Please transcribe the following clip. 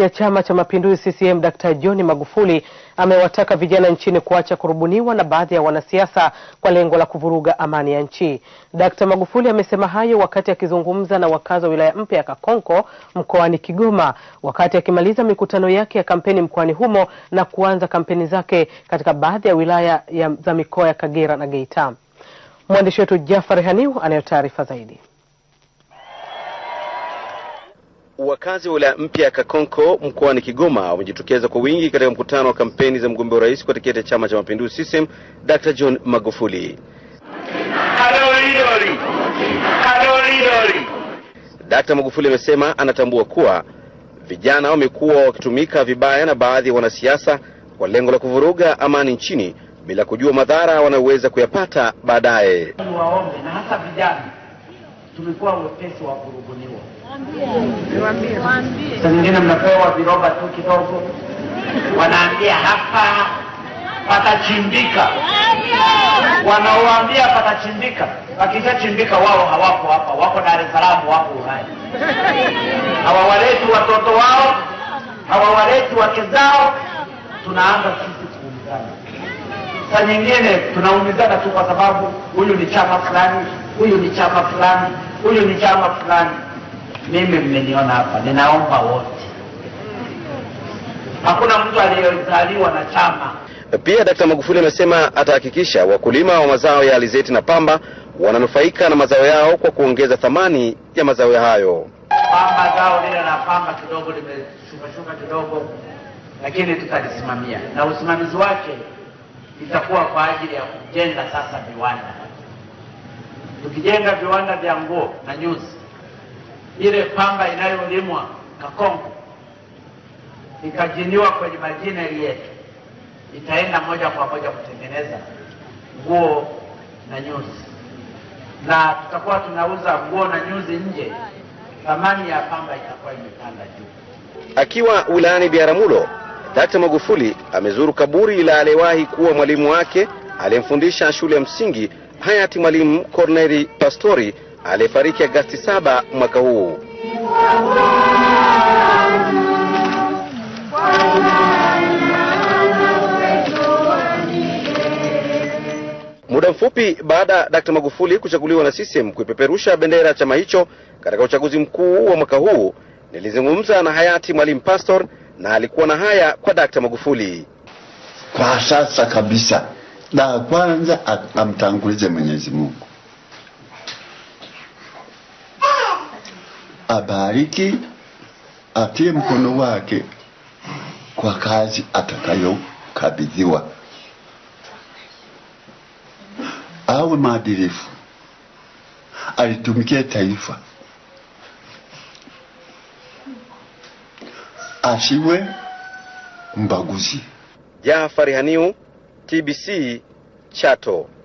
ya Chama cha Mapinduzi CCM Dkt. John Magufuli amewataka vijana nchini kuacha kurubuniwa na baadhi ya wanasiasa kwa lengo la kuvuruga amani ya nchi. Dkt. Magufuli amesema hayo wakati akizungumza na wakazi wa wilaya mpya ya Kakonko mkoani Kigoma wakati akimaliza mikutano yake ya kampeni mkoani humo na kuanza kampeni zake katika baadhi ya wilaya ya za mikoa ya Kagera na Geita. Mwandishi wetu Jafar Haniu anayo taarifa zaidi. Wakazi wa wilaya mpya ya Kakonko mkoani Kigoma wamejitokeza kwa wingi katika mkutano wa kampeni za mgombea urais kwa tiketi ya Chama cha Mapinduzi CCM Dr. John Magufuli. Dr. Magufuli amesema anatambua kuwa vijana wamekuwa wakitumika vibaya na baadhi ya wanasiasa kwa lengo la kuvuruga amani nchini bila kujua madhara wanayoweza kuyapata baadaye. na hasa vijana tumekuwa wepesi wa kurubuniwa. sa nyingine mnapewa viroba tu kidogo, wanaambia hapa patachimbika, wanaoambia patachimbika. Wakishachimbika wao hawako hapa, wako Dar es Salaam, wako uhai. Hawawaleti watoto wao, hawawaleti wake zao, tunaanza sisi saa nyingine tunaumizana tu kwa sababu huyu ni chama fulani, huyu ni chama fulani, huyu ni chama fulani. Mimi mmeniona hapa, ninaomba wote, hakuna mtu aliyezaliwa na chama. Pia Dkt. Magufuli amesema atahakikisha wakulima wa mazao ya alizeti na pamba wananufaika na mazao yao kwa kuongeza thamani ya mazao hayo. Pamba zao lile la pamba kidogo limeshukashuka kidogo, lakini tutalisimamia na usimamizi wake itakuwa kwa ajili ya kujenga sasa viwanda. Tukijenga viwanda vya nguo na nyuzi, ile pamba inayolimwa Kakongo ikajiniwa kwenye majina yetu, itaenda moja kwa moja kutengeneza nguo na nyuzi, na tutakuwa tunauza nguo na nyuzi nje, thamani ya pamba itakuwa imepanda juu. Akiwa wilayani biaramulo Dkt. Magufuli amezuru kaburi la aliyewahi kuwa mwalimu wake aliyemfundisha shule ya msingi hayati Mwalimu Corneli Pastori aliyefariki Agasti 7 mwaka huu. Muda mfupi baada ya Dkt. Magufuli kuchaguliwa na CCM kuipeperusha bendera ya chama hicho katika uchaguzi mkuu wa mwaka huu, nilizungumza na hayati Mwalimu Pastor na alikuwa na haya kwa Dkt. Magufuli. Kwa sasa kabisa, la kwanza amtangulize Mwenyezi Mungu, abariki, atie mkono wake kwa kazi atakayokabidhiwa, awe maadilifu, alitumikia taifa. ashiwe mbaguzi. Jafari Haniu, TBC Chato.